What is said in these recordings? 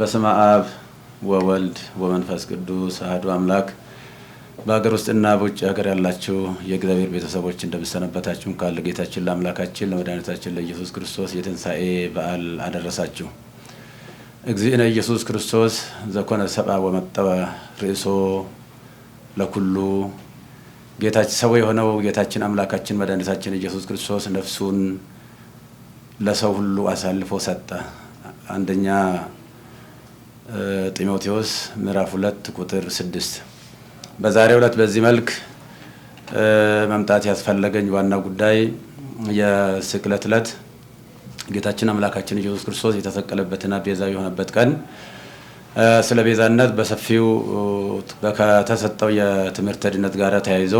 በስመ አብ ወወልድ ወመንፈስ ቅዱስ አህዱ አምላክ። በሀገር ውስጥና በውጭ ሀገር ያላችሁ የእግዚአብሔር ቤተሰቦች እንደምሰነበታችሁን ካለ ጌታችን ለአምላካችን ለመድኃኒታችን ለኢየሱስ ክርስቶስ የትንሣኤ በዓል አደረሳችሁ። እግዚእነ ኢየሱስ ክርስቶስ ዘኮነ ሰብአ ወመጠወ ርእሶ ለኩሉ ጌታችን ሰው የሆነው ጌታችን አምላካችን መድኃኒታችን ኢየሱስ ክርስቶስ ነፍሱን ለሰው ሁሉ አሳልፎ ሰጠ። አንደኛ ጢሞቴዎስ ምዕራፍ ሁለት ቁጥር ስድስት በዛሬው ዕለት በዚህ መልክ መምጣት ያስፈለገኝ ዋና ጉዳይ የስቅለት ዕለት ጌታችን አምላካችን ኢየሱስ ክርስቶስ የተሰቀለበትና ቤዛ የሆነበት ቀን ስለ ቤዛነት በሰፊው ከተሰጠው የትምህርት ድነት ጋር ተያይዞ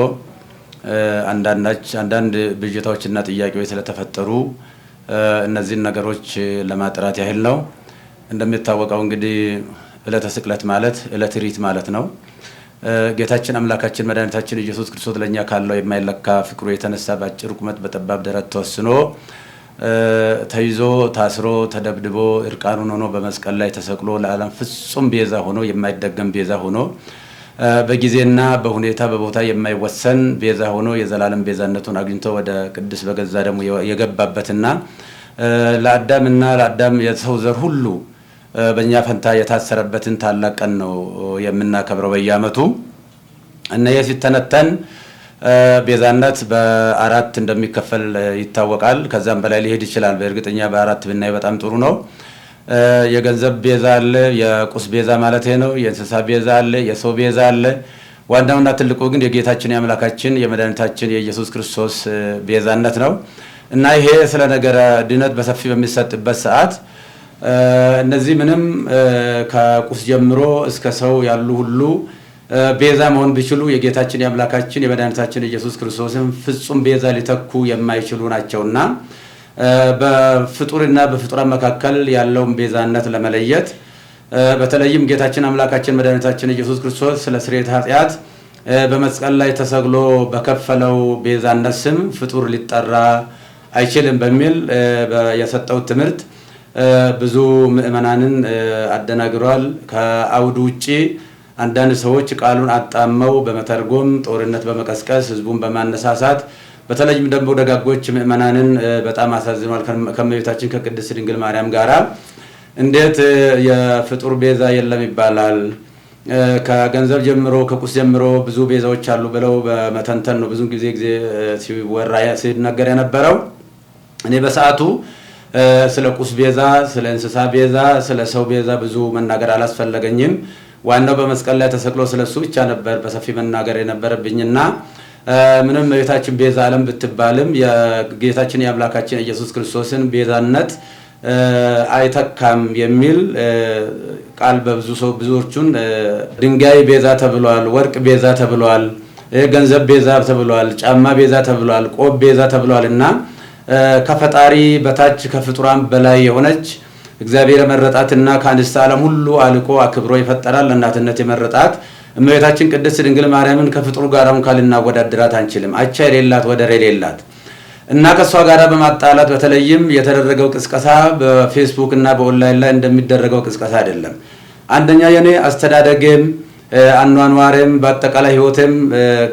አንዳንድ ብዥታዎችና ጥያቄዎች ስለተፈጠሩ እነዚህን ነገሮች ለማጥራት ያህል ነው። እንደሚታወቀው እንግዲህ ዕለተ ስቅለት ማለት ዕለተ ሪት ማለት ነው። ጌታችን አምላካችን መድኃኒታችን ኢየሱስ ክርስቶስ ለእኛ ካለው የማይለካ ፍቅሩ የተነሳ በአጭር ቁመት በጠባብ ደረት ተወስኖ ተይዞ ታስሮ ተደብድቦ እርቃኑን ሆኖ በመስቀል ላይ ተሰቅሎ ለዓለም ፍጹም ቤዛ ሆኖ የማይደገም ቤዛ ሆኖ በጊዜና በሁኔታ በቦታ የማይወሰን ቤዛ ሆኖ የዘላለም ቤዛነቱን አግኝቶ ወደ ቅድስት በገዛ ደግሞ የገባበትና ለአዳምና ለአዳም የሰው ዘር ሁሉ በእኛ ፈንታ የታሰረበትን ታላቅ ቀን ነው የምናከብረው በየአመቱ እና ይህ ሲተነተን ቤዛነት በአራት እንደሚከፈል ይታወቃል። ከዛም በላይ ሊሄድ ይችላል። በእርግጠኛ በአራት ብናይ በጣም ጥሩ ነው። የገንዘብ ቤዛ አለ፣ የቁስ ቤዛ ማለት ነው። የእንስሳ ቤዛ አለ፣ የሰው ቤዛ አለ። ዋናውና ትልቁ ግን የጌታችን የአምላካችን የመድኃኒታችን የኢየሱስ ክርስቶስ ቤዛነት ነው እና ይሄ ስለ ነገረ ድነት በሰፊ በሚሰጥበት ሰዓት እነዚህ ምንም ከቁስ ጀምሮ እስከ ሰው ያሉ ሁሉ ቤዛ መሆን ቢችሉ የጌታችን የአምላካችን የመድኃኒታችን ኢየሱስ ክርስቶስን ፍጹም ቤዛ ሊተኩ የማይችሉ ናቸውና በፍጡርና በፍጡራን መካከል ያለውን ቤዛነት ለመለየት በተለይም ጌታችን አምላካችን መድኃኒታችን ኢየሱስ ክርስቶስ ስለ ስርየት ኃጢአት በመስቀል ላይ ተሰግሎ በከፈለው ቤዛነት ስም ፍጡር ሊጠራ አይችልም በሚል የሰጠው ትምህርት ብዙ ምዕመናንን አደናግሯል። ከአውድ ውጭ አንዳንድ ሰዎች ቃሉን አጣመው በመተርጎም ጦርነት በመቀስቀስ ህዝቡን በማነሳሳት በተለይም ደግሞ ደጋጎች ምዕመናንን በጣም አሳዝኗል። ከመቤታችን ከቅድስት ድንግል ማርያም ጋራ እንዴት የፍጡር ቤዛ የለም ይባላል? ከገንዘብ ጀምሮ ከቁስ ጀምሮ ብዙ ቤዛዎች አሉ ብለው በመተንተን ነው ብዙ ጊዜ ጊዜ ሲወራ ሲነገር የነበረው እኔ በሰዓቱ ስለ ቁስ ቤዛ፣ ስለ እንስሳ ቤዛ፣ ስለ ሰው ቤዛ ብዙ መናገር አላስፈለገኝም። ዋናው በመስቀል ላይ ተሰቅሎ ስለ እሱ ብቻ ነበር በሰፊ መናገር የነበረብኝና ምንም ቤታችን ቤዛ ዓለም ብትባልም የጌታችን የአምላካችን ኢየሱስ ክርስቶስን ቤዛነት አይተካም የሚል ቃል በብዙ ሰው ብዙዎቹን ድንጋይ ቤዛ ተብሏል፣ ወርቅ ቤዛ ተብሏል፣ ገንዘብ ቤዛ ተብሏል፣ ጫማ ቤዛ ተብሏል፣ ቆብ ቤዛ ተብሏል እና ከፈጣሪ በታች ከፍጡራን በላይ የሆነች እግዚአብሔር የመረጣትና ከአንስተ ዓለም ሁሉ አልቆ አክብሮ ይፈጠራል ለእናትነት የመረጣት እመቤታችን ቅድስት ድንግል ማርያምን ከፍጡሩ ጋር እንኳን ልናወዳድራት አንችልም። አቻ የሌላት ወደር የሌላት እና ከእሷ ጋር በማጣላት በተለይም የተደረገው ቅስቀሳ በፌስቡክ እና በኦንላይን ላይ እንደሚደረገው ቅስቀሳ አይደለም። አንደኛ የኔ አስተዳደጌም አኗኗሬም በአጠቃላይ ህይወትም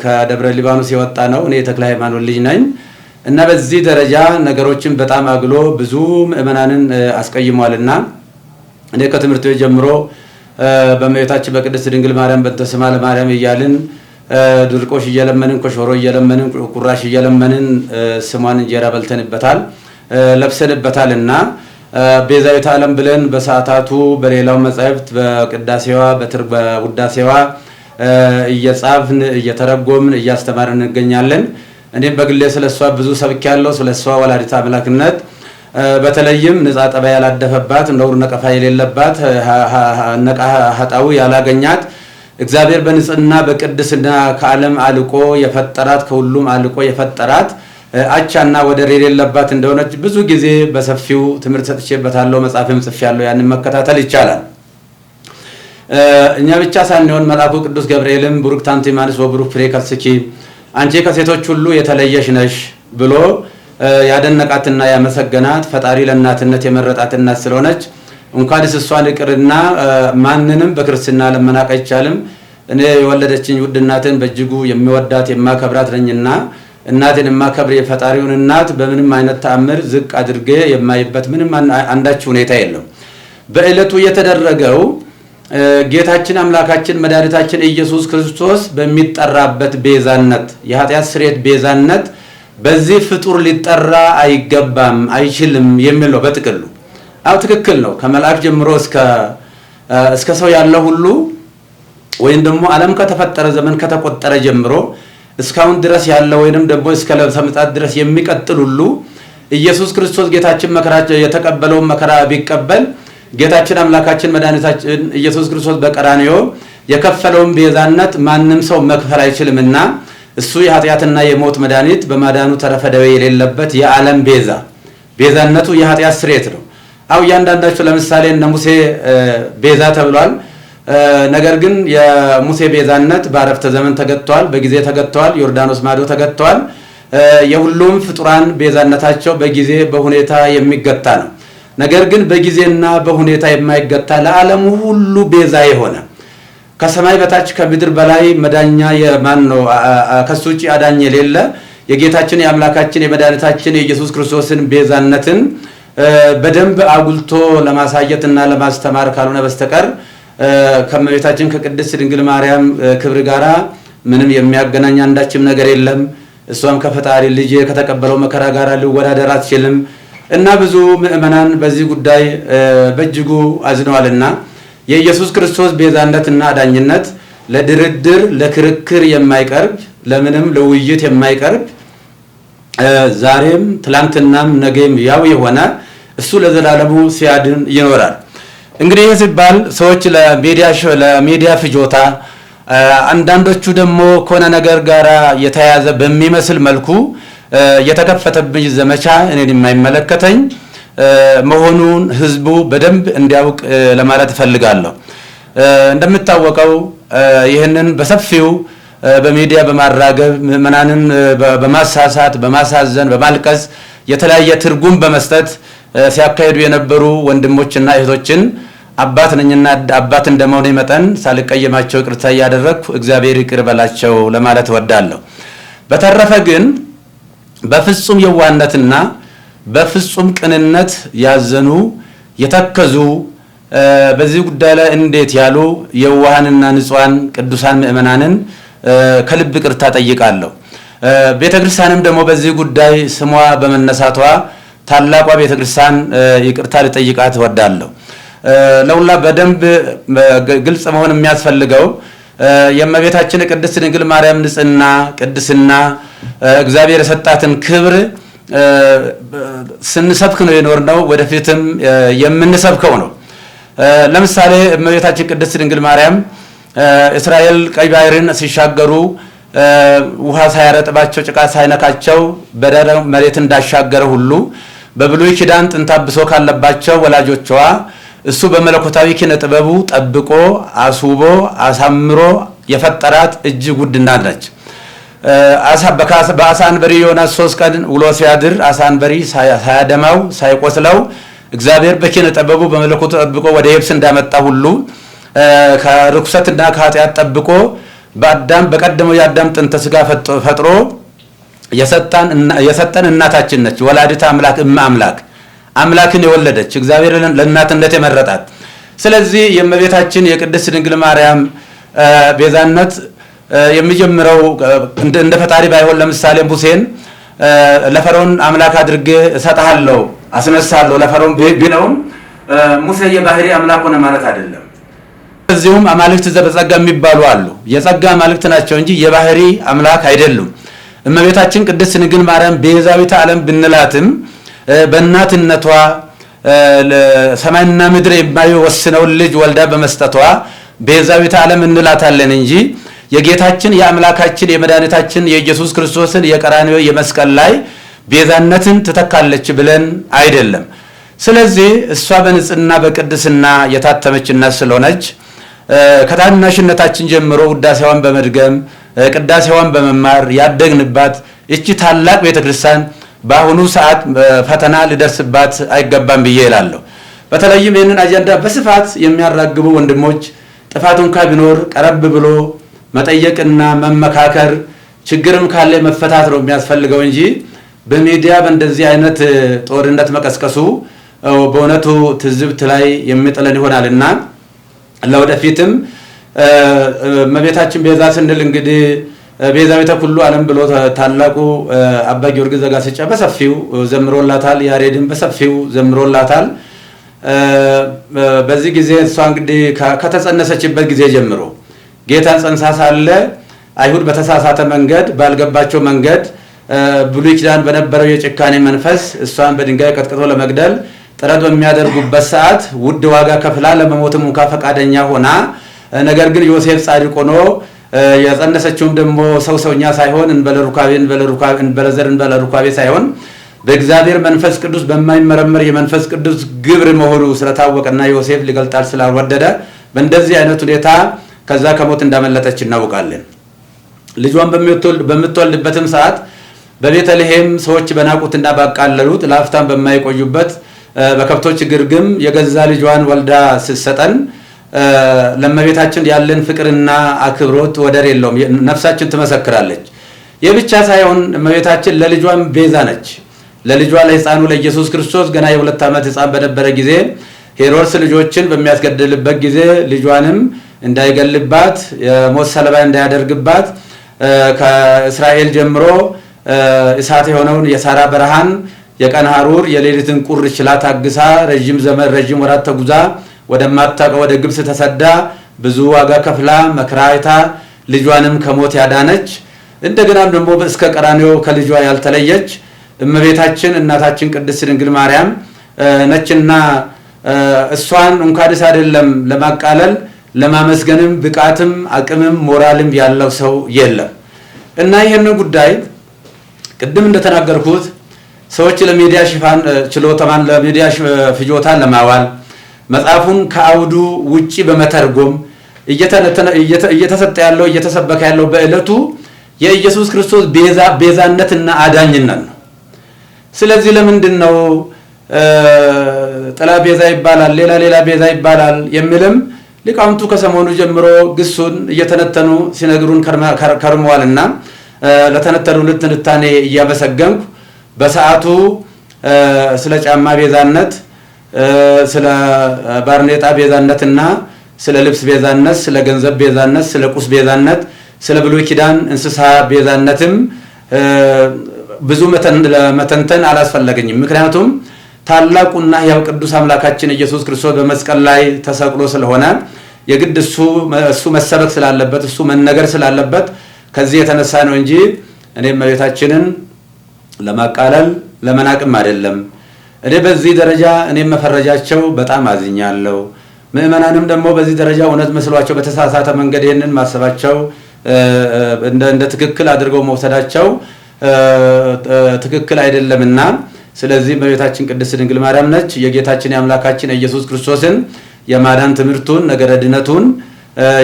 ከደብረ ሊባኖስ የወጣ ነው። እኔ የተክለ ሃይማኖት ልጅ ነኝ። እና በዚህ ደረጃ ነገሮችን በጣም አግሎ ብዙ ምእመናንን አስቀይሟልና እኔ ከትምህርት ቤት ጀምሮ በመቤታችን በቅድስት ድንግል ማርያም በእንተ ስማ ለማርያም እያልን ድርቆሽ እየለመንን ኮሾሮ እየለመንን ቁራሽ እየለመንን ስሟን እንጀራ በልተንበታል ለብሰንበታል እና ቤዛዊት ዓለም ብለን በሰዓታቱ በሌላው መጻሕፍት በቅዳሴዋ በውዳሴዋ እየጻፍን እየተረጎምን እያስተማርን እንገኛለን። እኔም በግሌ ስለ እሷ ብዙ ሰብኪ ያለው ስለ እሷ ወላዲት አምላክነት በተለይም ንጻ ጠባ ያላደፈባት ነውር ነቀፋ የሌለባት ነቃ ሀጣዊ ያላገኛት እግዚአብሔር በንጽህና በቅድስና ከዓለም አልቆ የፈጠራት ከሁሉም አልቆ የፈጠራት አቻና ወደር የሌለባት እንደሆነች ብዙ ጊዜ በሰፊው ትምህርት ሰጥቼበታለሁ። መጽሐፍም ጽፌያለሁ። ያንን መከታተል ይቻላል። እኛ ብቻ ሳንሆን መልአኩ ቅዱስ ገብርኤልም ቡሩክ ታንቲ እማንስ ወቡሩክ ፍሬ ከርስኪ አንቺ ከሴቶች ሁሉ የተለየሽ ነሽ ብሎ ያደነቃትና ያመሰገናት ፈጣሪ ለእናትነት የመረጣት እናት ስለሆነች እንኳንስ እሷን ይቅርና ማንንም በክርስትና ለመናቅ አይቻልም። እኔ የወለደችኝ ውድ እናትን በእጅጉ የሚወዳት የማከብራት ነኝና እናቴን የማከብር የፈጣሪውን እናት በምንም አይነት ተአምር ዝቅ አድርጌ የማይበት ምንም አንዳች ሁኔታ የለም። በዕለቱ የተደረገው ጌታችን አምላካችን መድኃኒታችን ኢየሱስ ክርስቶስ በሚጠራበት ቤዛነት የኃጢአት ስርየት ቤዛነት በዚህ ፍጡር ሊጠራ አይገባም አይችልም የሚል ነው በጥቅሉ። አዎ ትክክል ነው። ከመልአክ ጀምሮ እስከ ሰው ያለ ሁሉ ወይም ደግሞ ዓለም ከተፈጠረ ዘመን ከተቆጠረ ጀምሮ እስካሁን ድረስ ያለ ወይንም ደግሞ እስከ ለብሰ ምጽአት ድረስ የሚቀጥል ሁሉ ኢየሱስ ክርስቶስ ጌታችን መከራ የተቀበለውን መከራ ቢቀበል ጌታችን አምላካችን መድኃኒታችን ኢየሱስ ክርስቶስ በቀራንዮ የከፈለውን ቤዛነት ማንም ሰው መክፈል አይችልምና እሱ የኃጢአትና የሞት መድኃኒት በማዳኑ ተረፈ ደዌ የሌለበት የዓለም ቤዛ ቤዛነቱ የኃጢአት ስርየት ነው። አው እያንዳንዳቸው ለምሳሌ እነ ሙሴ ቤዛ ተብሏል። ነገር ግን የሙሴ ቤዛነት በአረፍተ ዘመን ተገጥተዋል፣ በጊዜ ተገጥተዋል፣ ዮርዳኖስ ማዶ ተገጥተዋል። የሁሉም ፍጡራን ቤዛነታቸው በጊዜ በሁኔታ የሚገታ ነው። ነገር ግን በጊዜና በሁኔታ የማይገታ ለዓለም ሁሉ ቤዛ የሆነ ከሰማይ በታች ከምድር በላይ መዳኛ የማን ነው? ከሱ ውጭ አዳኝ የሌለ የጌታችን የአምላካችን የመድኃኒታችን የኢየሱስ ክርስቶስን ቤዛነትን በደንብ አጉልቶ ለማሳየት እና ለማስተማር ካልሆነ በስተቀር ከመቤታችን ከቅድስት ድንግል ማርያም ክብር ጋራ ምንም የሚያገናኝ አንዳችም ነገር የለም። እሷም ከፈጣሪ ልጅ ከተቀበለው መከራ ጋራ ሊወዳደር አትችልም። እና ብዙ ምዕመናን በዚህ ጉዳይ በእጅጉ አዝነዋልና የኢየሱስ ክርስቶስ ቤዛነትና አዳኝነት ለድርድር ለክርክር የማይቀርብ ለምንም ለውይይት የማይቀርብ ዛሬም ትላንትናም ነገም ያው የሆነ እሱ ለዘላለሙ ሲያድን ይኖራል። እንግዲህ ይህ ሲባል ሰዎች ለሚዲያ ፍጆታ አንዳንዶቹ ደግሞ ከሆነ ነገር ጋር የተያያዘ በሚመስል መልኩ የተከፈተብኝ ዘመቻ እኔን የማይመለከተኝ መሆኑን ህዝቡ በደንብ እንዲያውቅ ለማለት እፈልጋለሁ። እንደምታወቀው ይህንን በሰፊው በሚዲያ በማራገብ ምዕመናንን በማሳሳት በማሳዘን በማልቀስ የተለያየ ትርጉም በመስጠት ሲያካሄዱ የነበሩ ወንድሞችና እህቶችን አባት ነኝና አባት እንደመሆኔ መጠን ሳልቀየማቸው ይቅርታ እያደረግኩ እግዚአብሔር ይቅር በላቸው ለማለት እወዳለሁ። በተረፈ ግን በፍጹም የዋነትና በፍጹም ቅንነት ያዘኑ የተከዙ በዚህ ጉዳይ ላይ እንዴት ያሉ የዋሃንና ንጹሃን ቅዱሳን ምእመናንን ከልብ ቅርታ ጠይቃለሁ። ክርስቲያንም ደግሞ በዚህ ጉዳይ ስሟ በመነሳቷ ታላቋ ክርስቲያን ይቅርታ ልጠይቃት እወዳለሁ። ለሁላ በደንብ ግልጽ መሆን የሚያስፈልገው የእመቤታችን ቅድስት ድንግል ማርያም ንጽህና ቅድስና እግዚአብሔር የሰጣትን ክብር ስንሰብክ ነው የኖርነው፣ ወደፊትም የምንሰብከው ነው። ለምሳሌ እመቤታችን ቅድስት ድንግል ማርያም እስራኤል ቀይ ባህርን ሲሻገሩ ውሃ ሳያረጥባቸው ጭቃ ሳይነካቸው በደረ መሬት እንዳሻገረ ሁሉ በብሉይ ኪዳን ጥንታብሶ ካለባቸው ወላጆቿ እሱ በመለኮታዊ ኪነ ጥበቡ ጠብቆ አስውቦ አሳምሮ የፈጠራት እጅግ ውድ እናት ነች። በአሳ አንበሪ ሶስት ቀን ውሎ ሲያድር አሳንበሪ ሳያደማው ሳይቆስለው እግዚአብሔር በኪነ ጥበቡ በመለኮቱ ጠብቆ ወደ የብስ እንዳመጣ ሁሉ ከርኩሰትና ከኃጢአት ጠብቆ በአዳም በቀደመው የአዳም ጥንተ ስጋ ፈጥሮ የሰጠን እናታችን ነች። ወላዲተ አምላክ እመ አምላክ አምላክን የወለደች እግዚአብሔር ለእናትነት የመረጣት። ስለዚህ የእመቤታችን የቅድስት ድንግል ማርያም ቤዛነት የሚጀምረው እንደ ፈጣሪ ባይሆን ለምሳሌ ሙሴን ለፈርዖን አምላክ አድርጌ እሰጥሃለሁ አስነሳለሁ ለፈርዖን ቢለውም ሙሴ የባህሪ አምላክ ሆነ ማለት አይደለም። እዚሁም አማልክት ዘበጸጋ የሚባሉ አሉ። የጸጋ አማልክት ናቸው እንጂ የባህሪ አምላክ አይደሉም። እመቤታችን ቅድስት ድንግል ማርያም ቤዛዊተ ዓለም ብንላትም በእናትነቷ ሰማይና ምድር የማይወስነውን ልጅ ወልዳ በመስጠቷ ቤዛዊተ ዓለም እንላታለን እንጂ የጌታችን የአምላካችን የመድኃኒታችን የኢየሱስ ክርስቶስን የቀራንዮ የመስቀል ላይ ቤዛነትን ትተካለች ብለን አይደለም። ስለዚህ እሷ በንጽህና በቅድስና የታተመች ስለሆነች ከታናሽነታችን ጀምሮ ውዳሴዋን በመድገም ቅዳሴዋን በመማር ያደግንባት እቺ ታላቅ ቤተክርስቲያን በአሁኑ ሰዓት ፈተና ሊደርስባት አይገባም ብዬ እላለሁ። በተለይም ይህንን አጀንዳ በስፋት የሚያራግቡ ወንድሞች ጥፋት እንኳ ቢኖር ቀረብ ብሎ መጠየቅና መመካከር፣ ችግርም ካለ መፈታት ነው የሚያስፈልገው እንጂ በሚዲያ በእንደዚህ አይነት ጦርነት መቀስቀሱ በእውነቱ ትዝብት ላይ የሚጥለን ይሆናል እና ለወደፊትም እመቤታችን ቤዛ ስንል እንግዲህ ቤዛዊተ ኩሉ ዓለም ብሎ ታላቁ አባ ጊዮርጊስ ዘጋስጫ በሰፊው ዘምሮላታል። ያሬድን በሰፊው ዘምሮላታል። በዚህ ጊዜ እሷ እንግዲህ ከተጸነሰችበት ጊዜ ጀምሮ ጌታን ጸንሳ ሳለ አይሁድ በተሳሳተ መንገድ ባልገባቸው መንገድ ብሉይ ኪዳን በነበረው የጭካኔ መንፈስ እሷን በድንጋይ ቀጥቅጦ ለመግደል ጥረት በሚያደርጉበት ሰዓት ውድ ዋጋ ከፍላ ለመሞትም እንኳ ፈቃደኛ ሆና ነገር ግን ዮሴፍ ጻድቅ ሆኖ የጸነሰችውም ደግሞ ሰው ሰውኛ ሳይሆን እንበለ እንበለ ሩካቤ ሳይሆን በእግዚአብሔር መንፈስ ቅዱስ በማይመረመር የመንፈስ ቅዱስ ግብር መሆኑ ስለታወቀና ዮሴፍ ሊገልጣል ስላልወደደ በእንደዚህ አይነት ሁኔታ ከዛ ከሞት እንዳመለጠች እናውቃለን። ልጇን በምትወልድበትም ሰዓት በቤተልሔም ሰዎች በናቁትና ባቃለሉት ላፍታም በማይቆዩበት በከብቶች ግርግም የገዛ ልጇን ወልዳ ስትሰጠን ለመቤታችን ያለን ፍቅርና አክብሮት ወደር የለውም። ነፍሳችን ትመሰክራለች። ይህ ብቻ ሳይሆን እመቤታችን ለልጇም ቤዛ ነች። ለልጇ ለሕፃኑ ለኢየሱስ ክርስቶስ ገና የሁለት ዓመት ሕፃን በነበረ ጊዜ ሄሮድስ ልጆችን በሚያስገድልበት ጊዜ ልጇንም እንዳይገልባት የሞት ሰለባ እንዳያደርግባት ከእስራኤል ጀምሮ እሳት የሆነውን የሳራ በረሃን የቀን ሐሩር የሌሊትን ቁር ችላ ታግሳ ረዥም ዘመን ረዥም ወራት ተጉዛ ወደማታውቀው ወደ ግብፅ ተሰዳ ብዙ ዋጋ ከፍላ መከራይታ ልጇንም ከሞት ያዳነች እንደገናም ደግሞ እስከ ቀራኔው ከልጇ ያልተለየች እመቤታችን እናታችን ቅድስት ድንግል ማርያም ነችና እሷን እንኳንስ አይደለም ለማቃለል ለማመስገንም ብቃትም አቅምም ሞራልም ያለው ሰው የለም። እና ይህንን ጉዳይ ቅድም እንደተናገርኩት ሰዎች ለሚዲያ ሽፋን ችሎታማን ለሚዲያ ፍጆታ ለማዋል መጽሐፉን ከአውዱ ውጪ በመተርጎም እየተሰጠ ያለው እየተሰበከ ያለው በዕለቱ የኢየሱስ ክርስቶስ ቤዛነትና አዳኝነት ነው። ስለዚህ ለምንድን ነው ጥላ ቤዛ ይባላል፣ ሌላ ሌላ ቤዛ ይባላል የሚልም ሊቃውንቱ ከሰሞኑ ጀምሮ ግሱን እየተነተኑ ሲነግሩን ከርመዋልና ለተነተኑ ልትንታኔ እያመሰገንኩ በሰዓቱ ስለ ጫማ ቤዛነት ስለ ባርኔጣ ቤዛነትና ስለ ልብስ ቤዛነት፣ ስለ ገንዘብ ቤዛነት፣ ስለ ቁስ ቤዛነት፣ ስለ ብሉይ ኪዳን እንስሳ ቤዛነትም ብዙ መተንተን አላስፈለገኝም። ምክንያቱም ታላቁና ያው ቅዱስ አምላካችን ኢየሱስ ክርስቶስ በመስቀል ላይ ተሰቅሎ ስለሆነ የግድ እሱ እሱ መሰበክ ስላለበት እሱ መነገር ስላለበት ከዚህ የተነሳ ነው እንጂ እኔም እመቤታችንን ለማቃለል ለመናቅም አይደለም። እኔ በዚህ ደረጃ እኔም መፈረጃቸው በጣም አዝኛለሁ። ምእመናንም ደግሞ በዚህ ደረጃ እውነት መስሏቸው በተሳሳተ መንገድ ይህንን ማሰባቸው እንደ ትክክል አድርገው መውሰዳቸው ትክክል አይደለምና ስለዚህ እመቤታችን ቅድስት ድንግል ማርያም ነች የጌታችን የአምላካችን የኢየሱስ ክርስቶስን የማዳን ትምህርቱን ነገረ ድነቱን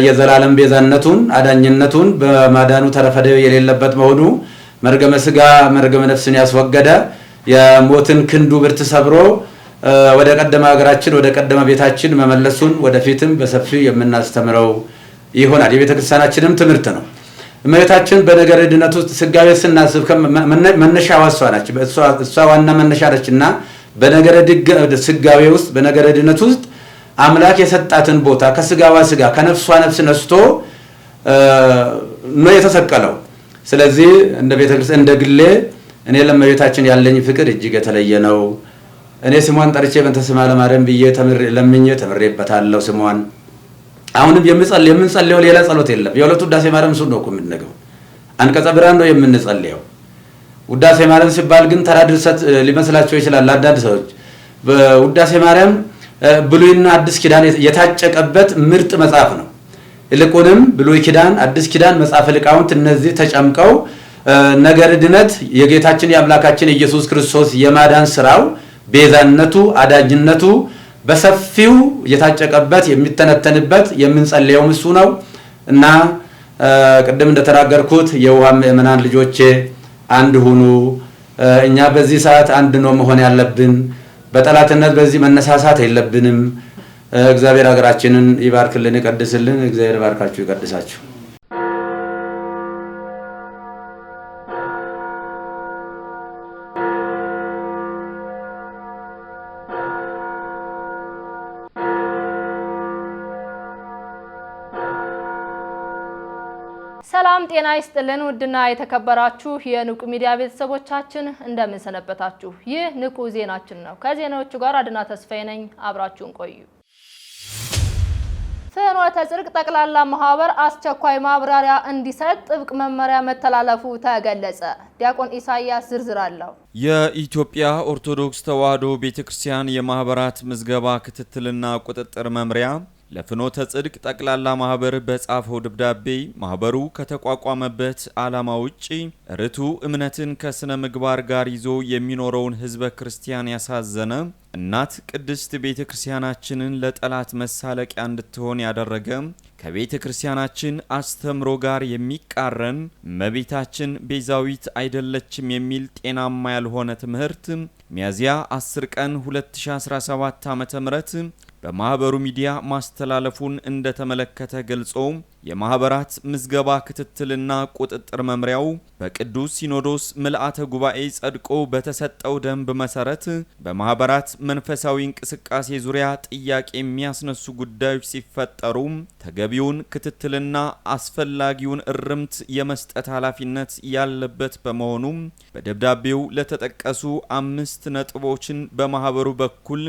የዘላለም ቤዛነቱን አዳኝነቱን በማዳኑ ተረፈደ የሌለበት መሆኑ መርገመ ስጋ መርገመ ነፍስን ያስወገደ የሞትን ክንዱ ብርት ሰብሮ ወደ ቀደመ ሀገራችን ወደ ቀደመ ቤታችን መመለሱን ወደፊትም በሰፊው የምናስተምረው ይሆናል። የቤተ ክርስቲያናችንም ትምህርት ነው። እመቤታችን በነገረ ድነት ውስጥ ስጋቤ ስናስብ መነሻ ዋሷ ናች። እሷ ዋና መነሻ ነች እና በነገረ ስጋቤ ውስጥ በነገረ ድነት ውስጥ አምላክ የሰጣትን ቦታ ከስጋዋ ስጋ ከነፍሷ ነፍስ ነስቶ ነው የተሰቀለው። ስለዚህ እንደ ቤተክርስቲያን እንደ ግሌ እኔ ለእመቤታችን ያለኝ ፍቅር እጅግ የተለየ ነው። እኔ ስሟን ጠርቼ በእንተ ስማ ለማርያም ብዬ ለምኜ ተምሬበታለሁ። ስሟን አሁንም የምንጸልየው ሌላ ጸሎት የለም። የሁለቱ ውዳሴ ማርያም እሱን ነው እኮ የምንነገው፣ አንቀጸ ብርሃን ነው የምንጸልየው። ውዳሴ ማርያም ሲባል ግን ተራ ድርሰት ሊመስላቸው ይችላል አንዳንድ ሰዎች። ውዳሴ ማርያም ብሉይና አዲስ ኪዳን የታጨቀበት ምርጥ መጽሐፍ ነው። ይልቁንም ብሉይ ኪዳን፣ አዲስ ኪዳን፣ መጽሐፈ ሊቃውንት እነዚህ ተጨምቀው ነገር ድነት የጌታችን የአምላካችን ኢየሱስ ክርስቶስ የማዳን ስራው ቤዛነቱ፣ አዳጅነቱ በሰፊው የታጨቀበት የሚተነተንበት የምንጸልየውም እሱ ነው እና ቅድም እንደተናገርኩት የውሃ ምእመናን ልጆቼ አንድ ሁኑ። እኛ በዚህ ሰዓት አንድ ነው መሆን ያለብን። በጠላትነት በዚህ መነሳሳት የለብንም። እግዚአብሔር ሀገራችንን ይባርክልን፣ ይቀድስልን። እግዚአብሔር ባርካችሁ ይቀድሳችሁ። ሰላም ጤና ይስጥልን። ውድና የተከበራችሁ የንቁ ሚዲያ ቤተሰቦቻችን እንደምን ሰነበታችሁ? ይህ ንቁ ዜናችን ነው። ከዜናዎቹ ጋር አድና ተስፋዬ ነኝ። አብራችሁን ቆዩ። ፍኖተ ጽድቅ ጠቅላላ ማህበር አስቸኳይ ማብራሪያ እንዲሰጥ ጥብቅ መመሪያ መተላለፉ ተገለጸ። ዲያቆን ኢሳያስ ዝርዝር አለው። የኢትዮጵያ ኦርቶዶክስ ተዋሕዶ ቤተክርስቲያን የማህበራት ምዝገባ ክትትልና ቁጥጥር መምሪያ ለፍኖተ ጽድቅ ጠቅላላ ማህበር በጻፈው ደብዳቤ ማህበሩ ከተቋቋመበት ዓላማ ውጪ ርቱ እምነትን ከስነ ምግባር ጋር ይዞ የሚኖረውን ህዝበ ክርስቲያን ያሳዘነ እናት ቅድስት ቤተ ክርስቲያናችንን ለጠላት መሳለቂያ እንድትሆን ያደረገ ከቤተ ክርስቲያናችን አስተምሮ ጋር የሚቃረን እመቤታችን ቤዛዊት አይደለችም የሚል ጤናማ ያልሆነ ትምህርት ሚያዝያ 10 ቀን 2017 ዓ.ም በማህበሩ ሚዲያ ማስተላለፉን እንደተመለከተ ገልጾ የማህበራት ምዝገባ ክትትልና ቁጥጥር መምሪያው በቅዱስ ሲኖዶስ ምልአተ ጉባኤ ጸድቆ በተሰጠው ደንብ መሰረት በማህበራት መንፈሳዊ እንቅስቃሴ ዙሪያ ጥያቄ የሚያስነሱ ጉዳዮች ሲፈጠሩ ተገቢውን ክትትልና አስፈላጊውን እርምት የመስጠት ኃላፊነት ያለበት በመሆኑ በደብዳቤው ለተጠቀሱ አምስት ነጥቦችን በማህበሩ በኩል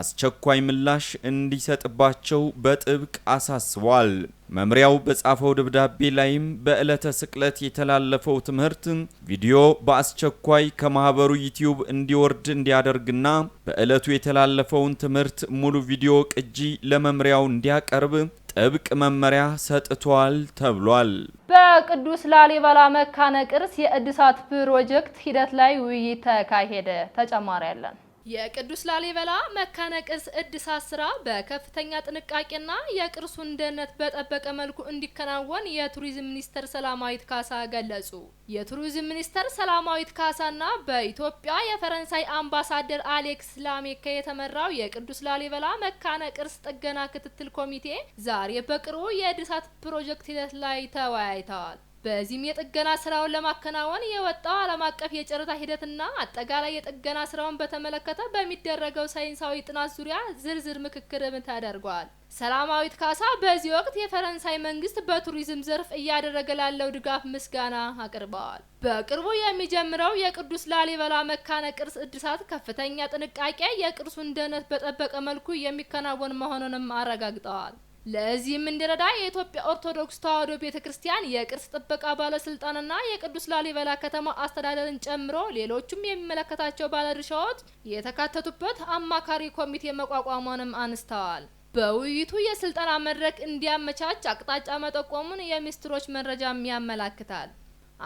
አስቸኳይ ምላሽ እንዲሰጥባቸው በጥብቅ አሳስቧል። መምሪያው በጻፈው ደብዳቤ ላይም በዕለተ ስቅለት የተላለፈው ትምህርት ቪዲዮ በአስቸኳይ ከማህበሩ ዩቲዩብ እንዲወርድ እንዲያደርግና በዕለቱ የተላለፈውን ትምህርት ሙሉ ቪዲዮ ቅጂ ለመምሪያው እንዲያቀርብ ጥብቅ መመሪያ ሰጥቷል ተብሏል። በቅዱስ ላሊበላ መካነ ቅርስ የእድሳት ፕሮጀክት ሂደት ላይ ውይይት ተካሄደ። ተጨማሪ ያለን የቅዱስ ላሊበላ መካነ ቅርስ እድሳት ስራ በከፍተኛ ጥንቃቄና የቅርሱን ደህንነት በጠበቀ መልኩ እንዲከናወን የቱሪዝም ሚኒስተር ሰላማዊት ካሳ ገለጹ። የቱሪዝም ሚኒስተር ሰላማዊት ካሳና በኢትዮጵያ የፈረንሳይ አምባሳደር አሌክስ ላሜካ የተመራው የቅዱስ ላሊበላ መካነ ቅርስ ጥገና ክትትል ኮሚቴ ዛሬ በቅርቡ የእድሳት ፕሮጀክት ሂደት ላይ ተወያይተዋል። በዚህም የጥገና ስራውን ለማከናወን የወጣው ዓለም አቀፍ የጨረታ ሂደትና አጠቃላይ የጥገና ስራውን በተመለከተ በሚደረገው ሳይንሳዊ ጥናት ዙሪያ ዝርዝር ምክክርም ተደርጓል። ሰላማዊት ካሳ በዚህ ወቅት የፈረንሳይ መንግስት በቱሪዝም ዘርፍ እያደረገ ላለው ድጋፍ ምስጋና አቅርበዋል። በቅርቡ የሚጀምረው የቅዱስ ላሊበላ መካነ ቅርስ እድሳት ከፍተኛ ጥንቃቄ፣ የቅርሱን ደህንነት በጠበቀ መልኩ የሚከናወን መሆኑንም አረጋግጠዋል። ለዚህም እንዲረዳ የኢትዮጵያ ኦርቶዶክስ ተዋሕዶ ቤተ ክርስቲያን የቅርስ ጥበቃ ባለስልጣንና የቅዱስ ላሊበላ ከተማ አስተዳደርን ጨምሮ ሌሎቹም የሚመለከታቸው ባለድርሻዎች የተካተቱበት አማካሪ ኮሚቴ መቋቋሟንም አንስተዋል። በውይይቱ የስልጠና መድረክ እንዲያመቻች አቅጣጫ መጠቆሙን የሚኒስትሮች መረጃም ያመላክታል።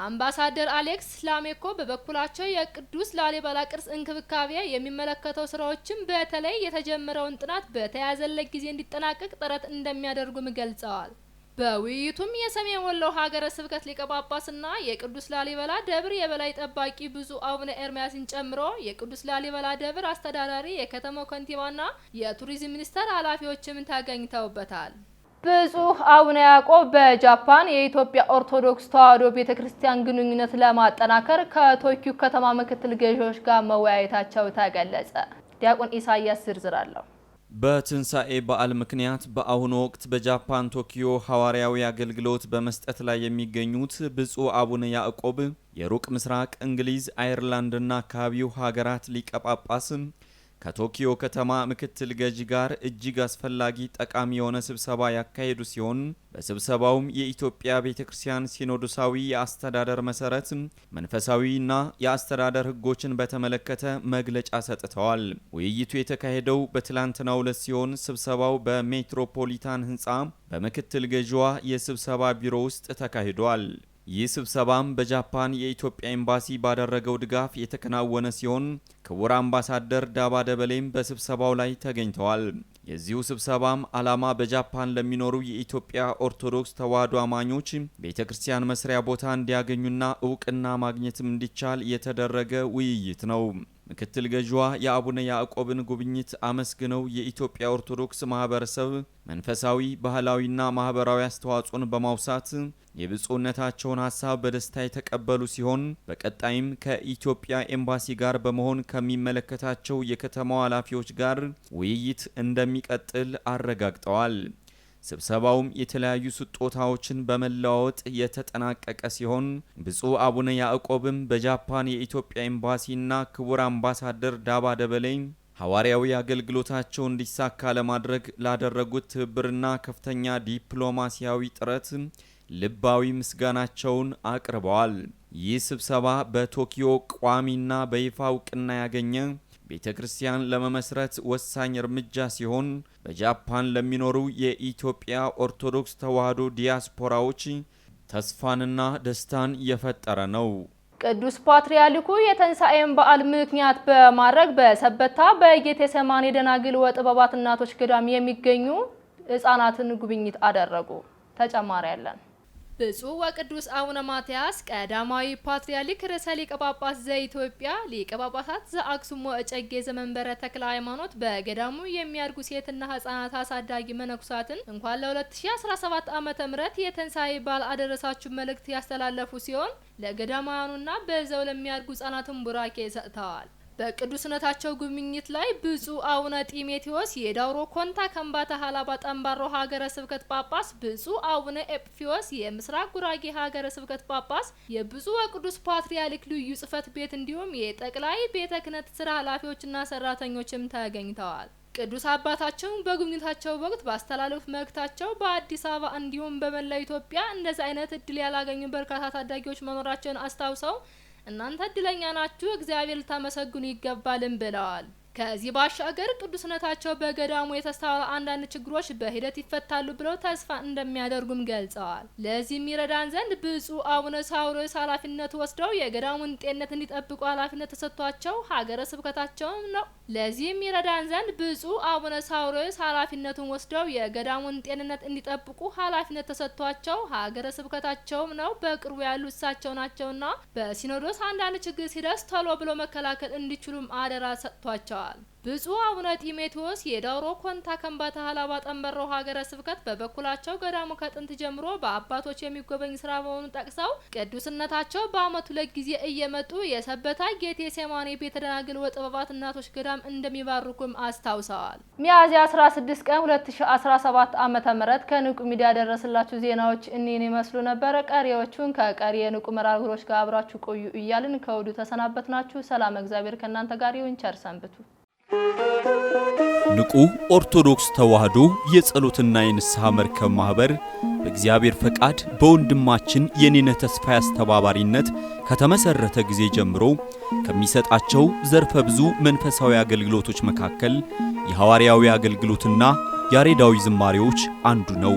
አምባሳደር አሌክስ ላሜኮ በበኩላቸው የቅዱስ ላሊበላ ቅርስ እንክብካቤ የሚመለከተው ስራዎችም በተለይ የተጀመረውን ጥናት በተያዘለት ጊዜ እንዲጠናቀቅ ጥረት እንደሚያደርጉም ገልጸዋል። በውይይቱም የሰሜን ወሎ ሀገረ ስብከት ሊቀ ጳጳስና የቅዱስ ላሊበላ ደብር የበላይ ጠባቂ ብፁዕ አቡነ ኤርሚያስን ጨምሮ የቅዱስ ላሊበላ ደብር አስተዳዳሪ፣ የከተማው ከንቲባና የቱሪዝም ሚኒስቴር ኃላፊዎችም ተገኝተውበታል። ብፁዕ አቡነ ያዕቆብ በጃፓን የኢትዮጵያ ኦርቶዶክስ ተዋሕዶ ቤተ ክርስቲያን ግንኙነት ለማጠናከር ከቶኪዮ ከተማ ምክትል ገዢዎች ጋር መወያየታቸው ተገለጸ። ዲያቆን ኢሳያስ ዝርዝር አለው። በትንሣኤ በዓል ምክንያት በአሁኑ ወቅት በጃፓን ቶኪዮ ሐዋርያዊ አገልግሎት በመስጠት ላይ የሚገኙት ብፁዕ አቡነ ያዕቆብ የሩቅ ምስራቅ እንግሊዝ፣ አይርላንድና አካባቢው ሀገራት ሊቀጳጳስም ከቶኪዮ ከተማ ምክትል ገዢ ጋር እጅግ አስፈላጊ ጠቃሚ የሆነ ስብሰባ ያካሄዱ ሲሆን በስብሰባውም የኢትዮጵያ ቤተ ክርስቲያን ሲኖዶሳዊ የአስተዳደር መሰረት መንፈሳዊና የአስተዳደር ሕጎችን በተመለከተ መግለጫ ሰጥተዋል። ውይይቱ የተካሄደው በትላንትናው ዕለት ሲሆን ስብሰባው በሜትሮፖሊታን ሕንፃ በምክትል ገዢዋ የስብሰባ ቢሮ ውስጥ ተካሂዷል። ይህ ስብሰባም በጃፓን የኢትዮጵያ ኤምባሲ ባደረገው ድጋፍ የተከናወነ ሲሆን ክቡር አምባሳደር ዳባ ደበሌም በስብሰባው ላይ ተገኝተዋል። የዚሁ ስብሰባም ዓላማ በጃፓን ለሚኖሩ የኢትዮጵያ ኦርቶዶክስ ተዋሕዶ አማኞች ቤተ ክርስቲያን መስሪያ ቦታ እንዲያገኙና እውቅና ማግኘትም እንዲቻል የተደረገ ውይይት ነው። ምክትል ገዥዋ የአቡነ ያዕቆብን ጉብኝት አመስግነው የኢትዮጵያ ኦርቶዶክስ ማህበረሰብ መንፈሳዊ ባህላዊና ማህበራዊ አስተዋጽኦን በማውሳት የብፁዕነታቸውን ሀሳብ በደስታ የተቀበሉ ሲሆን በቀጣይም ከኢትዮጵያ ኤምባሲ ጋር በመሆን ከሚመለከታቸው የከተማው ኃላፊዎች ጋር ውይይት እንደሚቀጥል አረጋግጠዋል። ስብሰባውም የተለያዩ ስጦታዎችን በመለዋወጥ የተጠናቀቀ ሲሆን ብፁዕ አቡነ ያዕቆብም በጃፓን የኢትዮጵያ ኤምባሲና ክቡር አምባሳደር ዳባ ደበሌኝ ሐዋርያዊ አገልግሎታቸው እንዲሳካ ለማድረግ ላደረጉት ትብብርና ከፍተኛ ዲፕሎማሲያዊ ጥረት ልባዊ ምስጋናቸውን አቅርበዋል። ይህ ስብሰባ በቶኪዮ ቋሚና በይፋ እውቅና ያገኘ ቤተ ክርስቲያን ለመመስረት ወሳኝ እርምጃ ሲሆን በጃፓን ለሚኖሩ የኢትዮጵያ ኦርቶዶክስ ተዋህዶ ዲያስፖራዎች ተስፋንና ደስታን እየፈጠረ ነው። ቅዱስ ፓትርያርኩ የትንሣኤን በዓል ምክንያት በማድረግ በሰበታ በጌቴሰማኒ የደናግል ወጥበባት እናቶች ገዳም የሚገኙ ህጻናትን ጉብኝት አደረጉ። ተጨማሪ ያለን ብፁዕ ወቅዱስ አቡነ ማትያስ ቀዳማዊ ፓትርያርክ ርዕሰ ሊቀ ጳጳስ ዘኢትዮጵያ ሊቀ ጳጳሳት ዘአክሱም ወእጨጌ ዘመንበረ ተክለ ሃይማኖት በገዳሙ የሚያድጉ ሴትና ህጻናት አሳዳጊ መነኩሳትን እንኳን ለ2017 ዓ ም የትንሣኤ በዓል አደረሳችሁ መልእክት ያስተላለፉ ሲሆን ለገዳማውያኑና በዘው ለሚያድጉ ሕጻናትን ቡራኬ ሰጥተዋል። በቅዱስነታቸው ጉብኝት ላይ ብፁዕ አቡነ ጢሞቴዎስ የዳውሮ ኮንታ ከምባታ ሀላባ ጠንባሮ ሀገረ ስብከት ጳጳስ፣ ብፁዕ አቡነ ኤጲፊዎስ የምስራቅ ጉራጌ ሀገረ ስብከት ጳጳስ፣ የብፁዕ ወቅዱስ ፓትርያርክ ልዩ ጽሕፈት ቤት እንዲሁም የጠቅላይ ቤተ ክህነት ስራ ኃላፊዎችና ሰራተኞችም ተገኝተዋል። ቅዱስ አባታቸው በጉብኝታቸው ወቅት ባስተላለፉት መልእክታቸው በአዲስ አበባ እንዲሁም በመላው ኢትዮጵያ እንደዚህ አይነት እድል ያላገኙ በርካታ ታዳጊዎች መኖራቸውን አስታውሰው እናንተ እድለኛ ናችሁ፣ እግዚአብሔር ልታመሰግኑ ይገባልም ብለዋል ከዚህ ባሻገር ቅዱስነታቸው በገዳሙ የተስተዋሉ አንዳንድ ችግሮች በሂደት ይፈታሉ ብለው ተስፋ እንደሚያደርጉም ገልጸዋል። ለዚህ የሚረዳን ዘንድ ብፁዕ አቡነ ሳውሮስ ኃላፊነት ወስደው የገዳሙን ጤንነት እንዲጠብቁ ኃላፊነት ተሰጥቷቸው ሀገረ ስብከታቸውም ነው። ለዚህ የሚረዳን ዘንድ ብፁዕ አቡነ ሳውሮስ ኃላፊነቱን ወስደው የገዳሙን ጤንነት እንዲጠብቁ ኃላፊነት ተሰጥቷቸው ሀገረ ስብከታቸውም ነው። በቅርቡ ያሉ እሳቸው ናቸውና በሲኖዶስ አንዳንድ ችግር ሲደርስ ቶሎ ብሎ መከላከል እንዲችሉም አደራ ሰጥቷቸዋል። ተናግረዋል። ብፁዕ አቡነ ቲሞቴዎስ የዳውሮ ኮንታ ከምባታ ሀላባ ጠንበረው ሀገረ ስብከት በበኩላቸው ገዳሙ ከጥንት ጀምሮ በአባቶች የሚጎበኝ ስራ መሆኑን ጠቅሰው ቅዱስነታቸው በዓመት ሁለት ጊዜ እየመጡ የሰበታ ጌቴ ሴማኔ ቤተ ደናግል ወጥበባት እናቶች ገዳም እንደሚባርኩም አስታውሰዋል። ሚያዝያ 16 ቀን 2017 ዓ ም ከንቁ ሚዲያ ደረስላችሁ ዜናዎች እኒህን ይመስሉ ነበረ። ቀሪዎቹን ከቀሪ የንቁ መርሃግብሮች ጋር አብራችሁ ቆዩ እያልን ተሰናበት ናችሁ ሰላም እግዚአብሔር ከእናንተ ጋር ይሁን። ቸር ሰንብቱ። ንቁ ኦርቶዶክስ ተዋህዶ የጸሎትና የንስሐ መርከብ ማኅበር በእግዚአብሔር ፈቃድ በወንድማችን የኔነ ተስፋዬ አስተባባሪነት ከተመሠረተ ጊዜ ጀምሮ ከሚሰጣቸው ዘርፈ ብዙ መንፈሳዊ አገልግሎቶች መካከል የሐዋርያዊ አገልግሎትና ያሬዳዊ ዝማሬዎች አንዱ ነው።